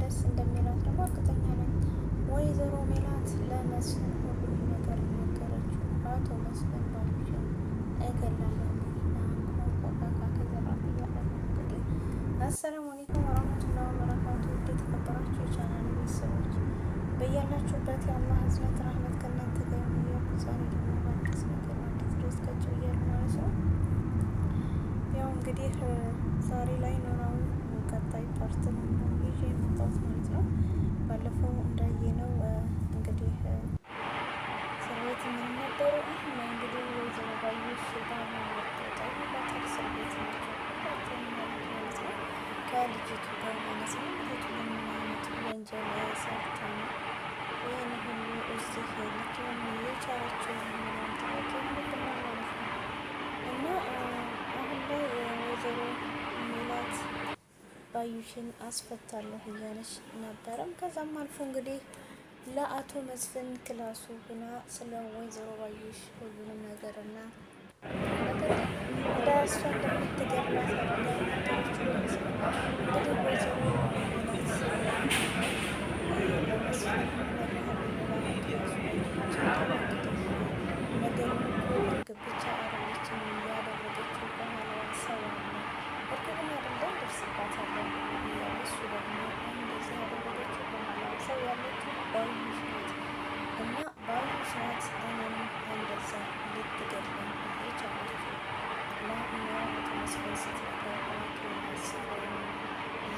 ደስ እንደሚላት ደግሞ እርግጠኛ ነኝ። ወይዘሮ ሜላት ለመስፍን ሁሉም ነገር ነገረችው። አቶ መስፍን ባልሽን እገላለሁ ቆቃካ ከዘራት እያለ እንግዲህ አሰላሙ አለይኩም ወራህመቱላሂ ወበረካቱ። ውድ የተከበራችሁ የቻናል ቤተሰቦች በያላችሁበት የአላህ ህዝነት ረህመት ከእናንተ ጋር የሚያውቁ ዛሬ ደግሞ በአዲስ ነገር አዲስ ድረስ ከጭ እያሉ ማለት ነው። ያው እንግዲህ ዛሬ ላይ ኖራዊ ቀጣይ ፓርት ነው ባለፈው እንዳየ ነው እንግዲህ እስር ቤት የምንነበሩ ይህም እንግዲህ ወይዘሮ ባዩሽ ከልጅቱ ጋር ማለት ነው ልጅቱ በምናይነት ወንጀል ሰርታ ነው ይህን ሁሉ እዚህ ልጅ የቻለችው የሚለውን ታወቂ ምንድነው ማለት ነው እና ባዩሽን አስፈታለሁ እያለች ነበረም። ከዛም አልፎ እንግዲህ ለአቶ መስፍን ክላሱ ሆና ስለ ወይዘሮ ባዩሽ ሁሉንም ነገር ነገርና ዳሷ እንደምትገባ እንግዲህ ወይዘሮ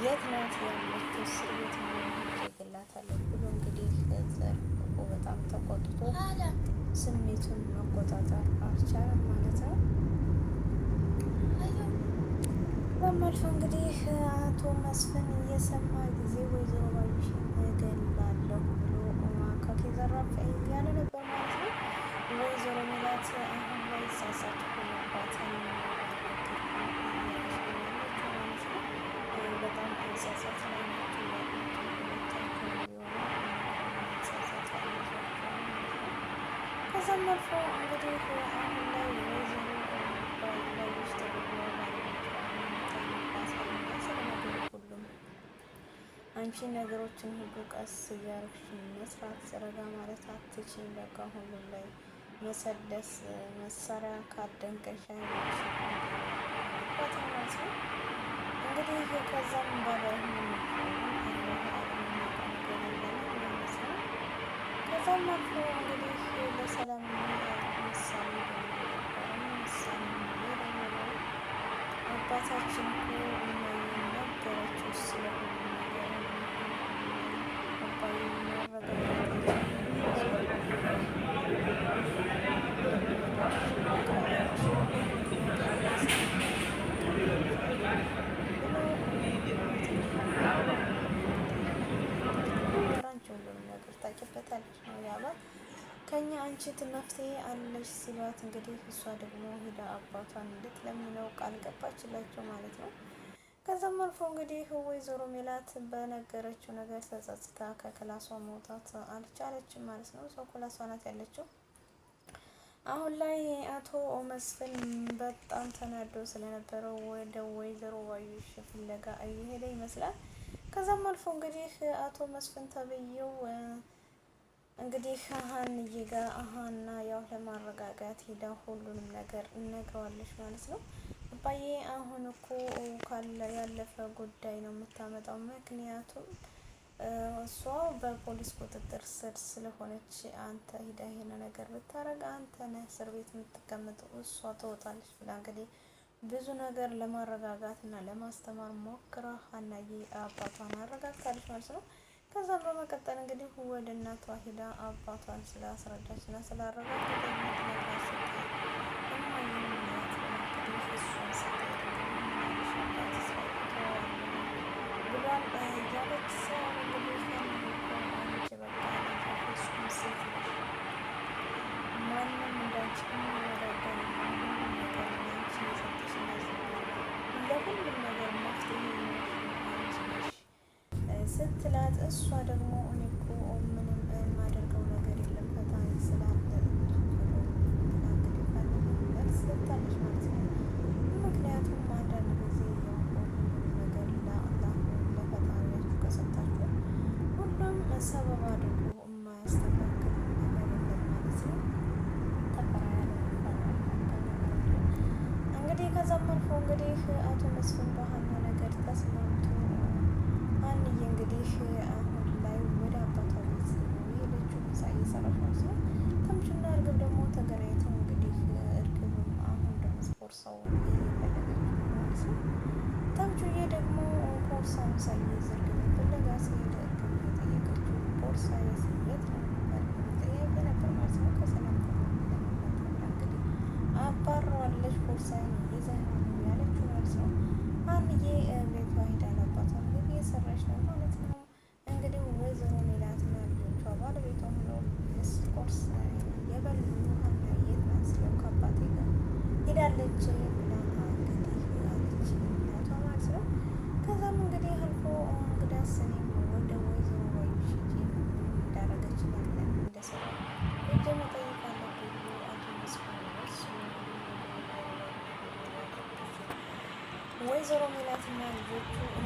የት ናት ያለችው ስሬት ማድረግላታለን ብሎ እንግዲህ ዘርቆ በጣም ተቆጥቶ ስሜቱን መቆጣጠር አልቻለም ማለት ነው። በማልፎ እንግዲህ አቶ መስፍን እየሰማ ጊዜ ወይዘሮ ባዩሽ እገላለሁ ብሎ ከኬ ዘራፍ እያለ ነበር። ከዛም አልፎ እንግዲህ አሁን ላይ ወይዘሮ ላይ ውስጥ አንቺ ነገሮችን ሁሉ ቀስ እያረግሽ መስራት ዘረጋ ማለት አትችይም። በቃ ሁሉም ላይ መሰለስ መሳሪያ ካደንቀሻ እንግዲህ ከዛም በላይ ከዛም አልፎ እንግዲህ ሰላም ምሳሌ ምሳሌ አባታችን እኮ ነበረችው ስለሆነ ታውቂበታለች ነው ያሏት። ከኛ አንቺ መፍትሄ አለሽ ሲሏት እንግዲህ እሷ ደግሞ ሄዳ አባቷን ልትለምነው ቃል ገባችላቸው ማለት ነው። ከዛም አልፎ እንግዲህ ወይዘሮ ሜላት በነገረችው ነገር ተጸጽታ ከክላሷ መውጣት አልቻለችም ማለት ነው። ሰው ክላሷ ናት ያለችው። አሁን ላይ አቶ መስፍን በጣም ተናዶ ስለነበረው ወደ ወይዘሮ ባዩሽ ፍለጋ እየሄደ ይመስላል። ከዛም አልፎ እንግዲህ አቶ መስፍን ተብዬው እንግዲህ ሀሀንዬ ጋር አሀና ያው ለማረጋጋት ሄዳ ሁሉንም ነገር እነግረዋለች ማለት ነው። አባዬ አሁን እኮ ካለ ያለፈ ጉዳይ ነው የምታመጣው። ምክንያቱም እሷ በፖሊስ ቁጥጥር ስር ስለሆነች አንተ ሂዳ ይሄን ነገር ብታረግ አንተ ነህ እስር ቤት የምትቀመጠው፣ እሷ ትወጣለች ብላ እንግዲህ ብዙ ነገር ለማረጋጋት እና ለማስተማር ሞክራ ሀናዬ አባቷን አረጋግታለች ማለት ነው። ከዛም በመቀጠል እንግዲህ ወደ እናቷ ሂዳ አባቷን ስላስረዳች እና ስላረጋት ለሁሉም ነገር መፍትሄ ስትላት እሷ ደግሞ እኔ እኮ ምንም የማደርገው ነገር የለም ፈጣሪ ስላለ ማለት ነው። ምክንያቱም አንዳንድ ጊዜ ሁሉም ነገር ለአላህ ለፈጣሪያችሁ ከሰጣችሁ ሁሉም ሰበብ አድርጎ የማያስተካክል ነገር የለም ማለት ነው። እንግዲህ ከዛም አልፎ እንግዲህ አቶ መስፍን ባህና ነገር ተስማምቶ ትንሽ አሁን ላይ ወደ አባቷ ቤት የሄደችው ምሳ እየሰራች ነው ሲሆን ተምችና እርግብ ደግሞ ተገናኝተው እንግዲህ አሁን ደግሞ እየፈለገች ማለት ነው። ተምቹዬ ደግሞ አለች ብላ እንግዲህ ወይዘሮ ወይዘሮ ሜላትና ልጆቹ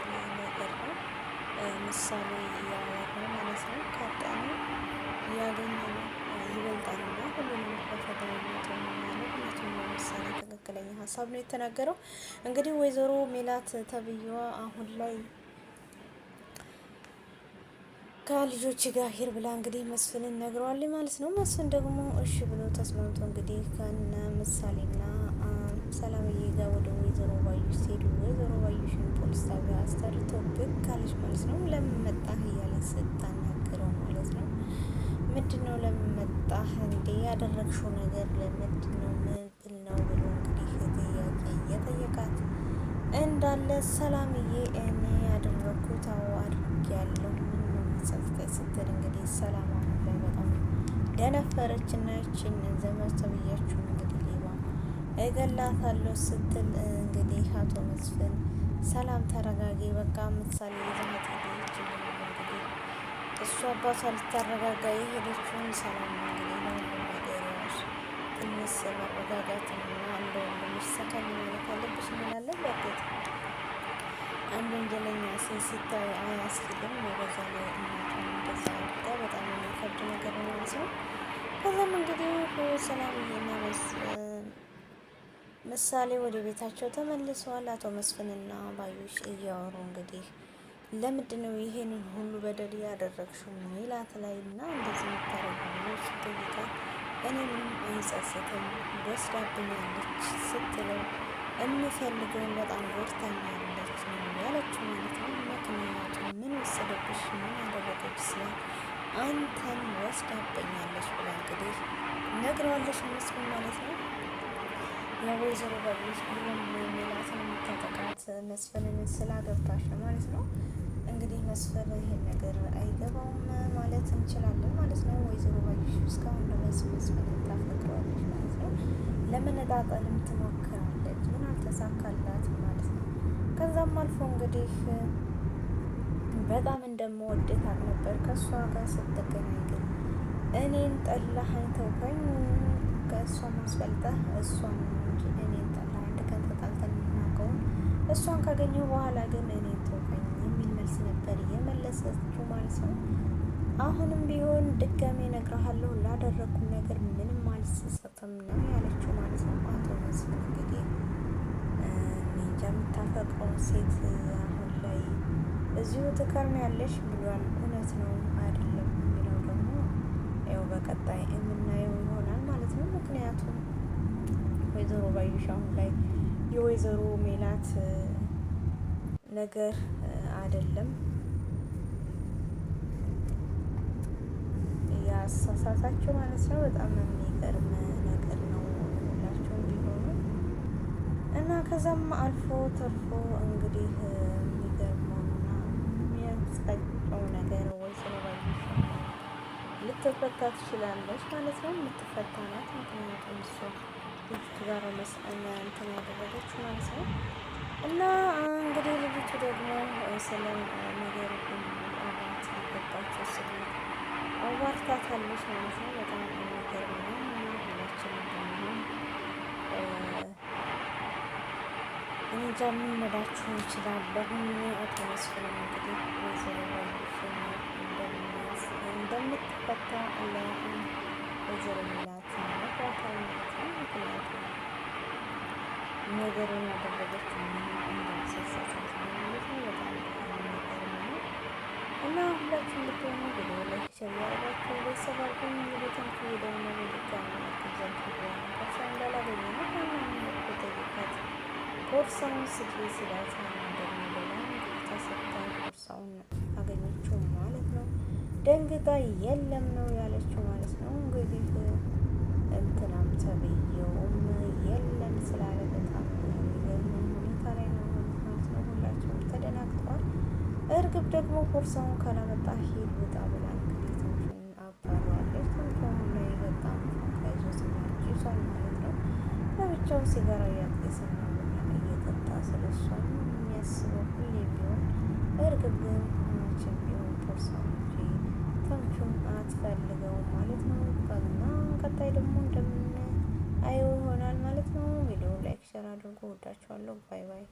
ምሳሌ እያወራ ማለት ነው። ካጣነው ያገኘነው ይበልጣልና ሁሉንም በፈተኝነት ማለት እውነቱን ለምሳሌ ትክክለኛ ሀሳብ ነው የተናገረው። እንግዲህ ወይዘሮ ሜላት ተብዬዋ አሁን ላይ ከልጆች ጋር ሄር ብላ እንግዲህ መስፍንን ነግረዋል ማለት ነው። መስፍን ደግሞ እሺ ብሎ ተስማምቶ እንግዲህ ከነ ምሳሌና ሰላምዬ ጋር ወደ ወይዘሮ ባዩሽ ሲሄዱ ወይዘሮ ባዩሽን ፖሊስ ጣቢያ አስጠርተው ብቅ አለች ማለት ነው። ለምን መጣህ እያለን ስታናግረው ማለት ነው። ምንድን ነው ለምን መጣህ እንዴ? ያደረግሽው ነገር ለምንድን ነው? ምንድን ነው ብሎ እንግዲህ ጥያቄ እየጠየቃት እንዳለ ሰላምዬ እኔ ያደረግኩት አዎ አድርግ ጸጥታ ስትል እንግዲህ ሰላም አሁን ላይ በጣም ደነፈረች እና ይችን ዘመድ ተብያችሁ እገላታለሁ ስትል እንግዲህ አቶ መስፍን ሰላም ተረጋጊ፣ በቃ ምሳሌ ይዛት ሄደች። እንግዲህ እሱ አባቷ ልታረጋጋ የሄደችውን ሰላም እንግዲህ ለሁሉም ነገሮች ትንሽ መረጋጋትና እንደውም ሚሰከን ማለት አለብሽ እንላለን። በእርግጥ አንድ ወንጀለኛ ሴት ሲታይ አያስችልም። በዛ ላይ እናቷ እንደዛ አድርጋ በጣም የሚከብድ ነገር ነው ማለት ነው። ከዛም እንግዲህ ሰላም እየመለስ ምሳሌ ወደ ቤታቸው ተመልሰዋል። አቶ መስፍንና ባዩሽ እያወሩ እንግዲህ ለምንድን ነው ይሄንን ሁሉ በደል ያደረግሽው ሚላት ላይ እና እንደዚህ የምታረጉች ጠይቃ እኔ ምንም አይጸጽትም ወስዳብኛለች ስትለው የምፈልገውን በጣም ጎድታኛለች ነው ያለችው ማለት ነው። ምክንያቱም ምን ወሰደብሽ? ምን ያደረገች ስለ አንተን ወስዳብኛለች ብላ እንግዲህ ነግረዋለች መስፍን ማለት ነው። የወይዘሮ በቤት ሁሉም ሌላትን የምታጠቃት መስፍንን ስላገባሽ ነው ማለት ነው። እንግዲህ መስፍን ይሄን ነገር አይገባውም ማለት እንችላለን ማለት ነው። ወይዘሮ ባዩሽ እስካሁን ድረስ መስፍንን ታፈቅረዋለች ማለት ነው። ለመነጣጠልም ትሞክራለች፣ ምን አልተሳካላት ማለት ነው። ከዛም አልፎ እንግዲህ በጣም እንደምወደት አልነበር ከእሷ ጋር ስትገናኝ ግን እኔን ጠላህን ተውከኝ ከእሷ ማስፈልጠህ እሷን እሷን ካገኘው በኋላ ግን እኔ ተውቀኝ የሚል መልስ ነበር የመለሰችው ማለት ነው። አሁንም ቢሆን ድጋሜ ነግረሃለሁ ላደረግኩ ነገር ምንም አልሰጠም ነው ያለችው ማለት ነው። አቶ መስፍን እንግዲህ እንጃ የምታፈቅረው ሴት አሁን ላይ እዚሁ ትከርም ያለሽ ብሏል። እውነት ነው አይደለም የሚለው ደግሞ ያው በቀጣይ የምናየው ይሆናል ማለት ነው። ምክንያቱም ወይዘሮ ባዩሽ አሁን ላይ የወይዘሮ ሜላት ነገር አይደለም። ያሳሳታቸው ማለት ነው። በጣም የሚገርም ነገር ነው። ሁላቸው እንዲሆኑ እና ከዛም አልፎ ተርፎ እንግዲህ የሚገርመውና የሚያስጠቀው ነገር ወይዘሮ ባዩሽ ልትፈታ ትችላለች ማለት ነው። የምትፈታናት ምክንያቱም እሷ ልጅቱ ጋር እንትን ያደረገች ማለት ነው። እና እንግዲህ ልጅቱ ደግሞ ስለ ነገር አባት ስለ አዋርታታለች ማለት ነው። በጣም ነገር ሁላችን እንጃ ምን መዳችሁ እንችላለሁ። አቶ እንግዲህ ወይዘሮ እንደምትፈታ ወይዘሮ ይገባታል ማለት ነው። ምክንያቱም ነገሩን ያደረገችው እንዳሰሳት ማለት ነው። በጣም የሚገርም ነው እና ቤተሰብ አድርገን እንግዲህ ሄደው ነው ብቻ ናቸው ዘንድ ሆነ ከሳ እንዳላገኘ ነው ማንኛውም ቦርሳውን ስጪ ስላት ደግሞ ሌላ ተሰጥታ ቦርሳውን አገኘችው ማለት ነው። ደንግጋ የለም ነው ያለችው ማለት ነው እንግዲህ እንትናም ተብዬውም የለም ስላለ በጣም የሚገርም ሁኔታ ላይ ነው ማለት ነው። ሁላቸውም ተደናግጠዋል። እርግብ ደግሞ ቦርሳውን ካላመጣ ሂድ ውጣ ብላ እንግዲህ ትንሹን አባሯለች። ትንሹም ላይ በጣም ይዞ ስናጅ ይዟል ማለት ነው። ለብቻው ሲጋራ እያጤሰና ቡና እየጠጣ ስለሷ የሚያስበው ሁሌ ቢሆን እርግብ ግን መቼም ቢሆን እንኳን አትፈልገውም ማለት ነው። እና ቀጣይ ደግሞ እንደምን አየው ይሆናል ማለት ነው። ቪዲዮ ላይክ ሸር አድርጉ። ወዳችኋለሁ። ባይ ባይ